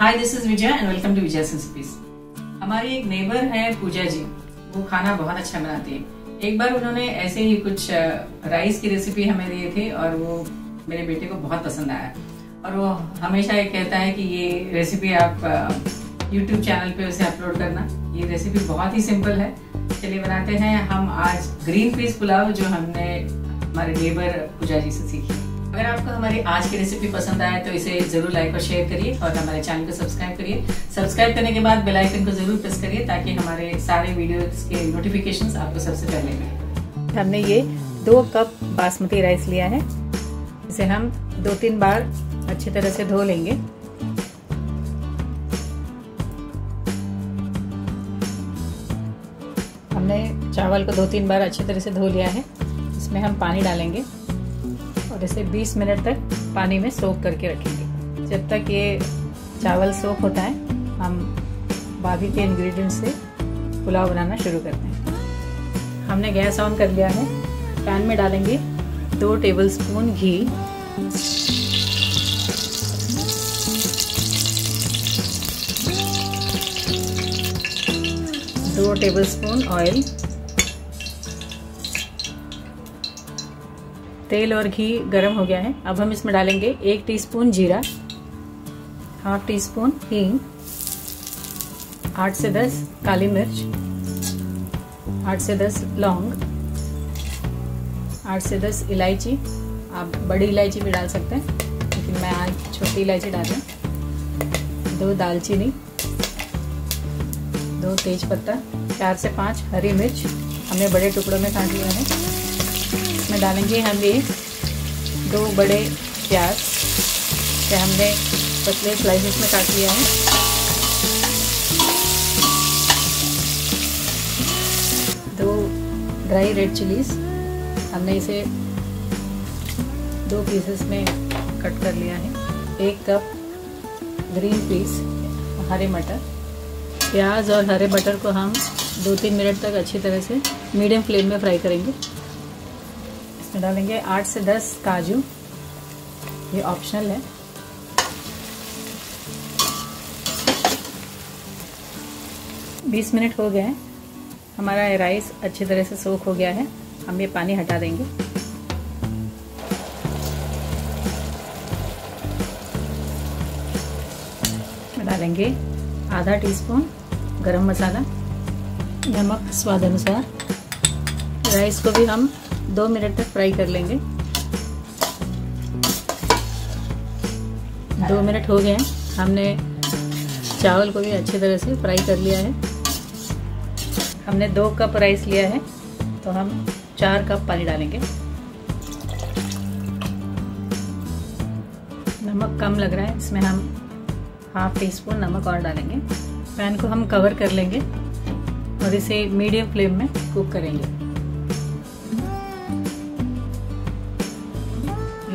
hi this is Vijay and welcome to Vijay recipes हमारी एक neighbour है पूजा जी वो खाना बहुत अच्छा बनाती है एक बार उन्होंने ऐसे ही कुछ राइस की रेसिपी हमें दिए थे और वो मेरे बेटे को बहुत पसंद आया और वो हमेशा ये कहता है कि ये रेसिपी आप यूट्यूब चैनल पे उसे अपलोड करना ये रेसिपी बहुत ही सिंपल है चलिए बनाते हैं हम आज ग्रीन पीस पुलाव जो हमने हमारे नेबर पूजा जी से सीखी अगर आपको हमारी आज की रेसिपी पसंद आए तो इसे जरूर लाइक और शेयर करिए और हमारे चैनल को सब्सक्राइब करिए सब्सक्राइब करने के बाद बेल आइकन को जरूर प्रेस करिए ताकि हमारे सारे वीडियोस के नोटिफिकेशंस आपको सबसे पहले मिले हमने ये दो कप बासमती राइस लिया है इसे हम दो तीन बार अच्छी तरह से धो लेंगे हमने चावल को दो तीन बार अच्छी तरह से धो लिया है इसमें हम पानी डालेंगे और इसे 20 मिनट तक पानी में सोख करके रखेंगे जब तक ये चावल सोख होता है हम बाकी के इंग्रेडिएंट्स से पुलाव बनाना शुरू करते हैं हमने गैस ऑन कर लिया है पैन में डालेंगे दो टेबल स्पून घी दो टेबल स्पून ऑयल तेल और घी गर्म हो गया है अब हम इसमें डालेंगे एक टीस्पून जीरा हाफ टी स्पून हींग आठ से दस काली मिर्च आठ से दस लौंग आठ से दस इलायची आप बड़ी इलायची भी डाल सकते हैं लेकिन मैं आज छोटी इलायची डाल दो दालचीनी दो तेज पत्ता चार से पाँच हरी मिर्च हमने बड़े टुकड़ों में काट लिया है इसमें डालेंगे हम ये दो बड़े प्याज से हमने पतले स्लाइसेस में काट लिया है दो ड्राई रेड चिलीज हमने इसे दो पीसेस में कट कर लिया है एक कप ग्रीन पीस हरे मटर प्याज और हरे मटर को हम दो तीन मिनट तक अच्छी तरह से मीडियम फ्लेम में फ्राई करेंगे इसमें डालेंगे आठ से दस काजू ये ऑप्शनल है बीस मिनट हो गए हैं हमारा राइस अच्छी तरह से सोख हो गया है हम ये पानी हटा देंगे डालेंगे आधा टीस्पून गरम मसाला नमक स्वाद अनुसार राइस को भी हम दो मिनट तक फ्राई कर लेंगे दो मिनट हो गए हैं हमने चावल को भी अच्छी तरह से फ्राई कर लिया है हमने दो कप राइस लिया है तो हम चार कप पानी डालेंगे नमक कम लग रहा है इसमें हम हाफ टी स्पून नमक और डालेंगे पैन को हम कवर कर लेंगे और इसे मीडियम फ्लेम में कुक करेंगे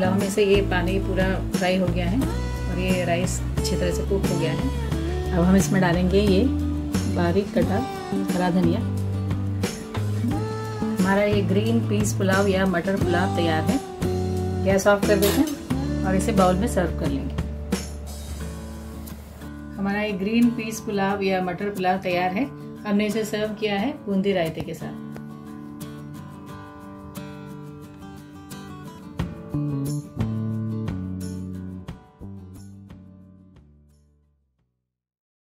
पुलाव में से ये पानी पूरा फ्राई हो गया है और ये राइस अच्छी तरह से कुक हो गया है अब हम इसमें डालेंगे ये बारीक कटा हरा धनिया हमारा ये ग्रीन पीस पुलाव या मटर पुलाव तैयार है गैस ऑफ कर देते हैं और इसे बाउल में सर्व कर लेंगे हमारा ये ग्रीन पीस पुलाव या मटर पुलाव तैयार है हमने इसे सर्व किया है बूंदी रायते के साथ